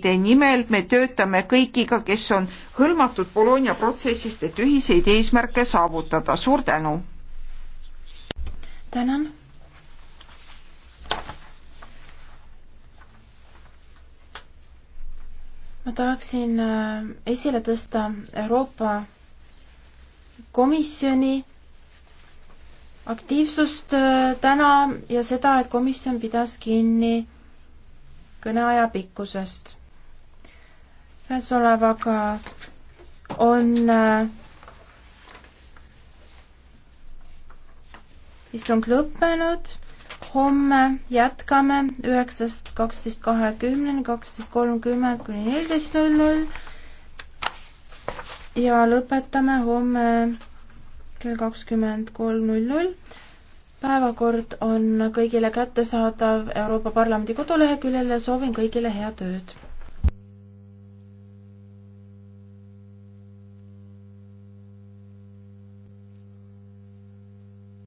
Te nimel me töötame kõigiga, kes on hõlmatud Bologna protsessist, et ühiseid eesmärke saavutada. suur tänu! tänan! ma tahaksin äh, esile tõsta Euroopa Komisjoni aktiivsust äh, täna ja seda, et komisjon pidas kinni kõneaja pikkusest käesolevaga on äh, istung lõppenud. homme jätkame üheksast kaksteist kahekümneni, kaksteist kolmkümmend kuni neliteist null null. ja lõpetame homme kell kakskümmend kolm null null. päevakord on kõigile kättesaadav Euroopa Parlamendi koduleheküljel ja soovin kõigile head ööd.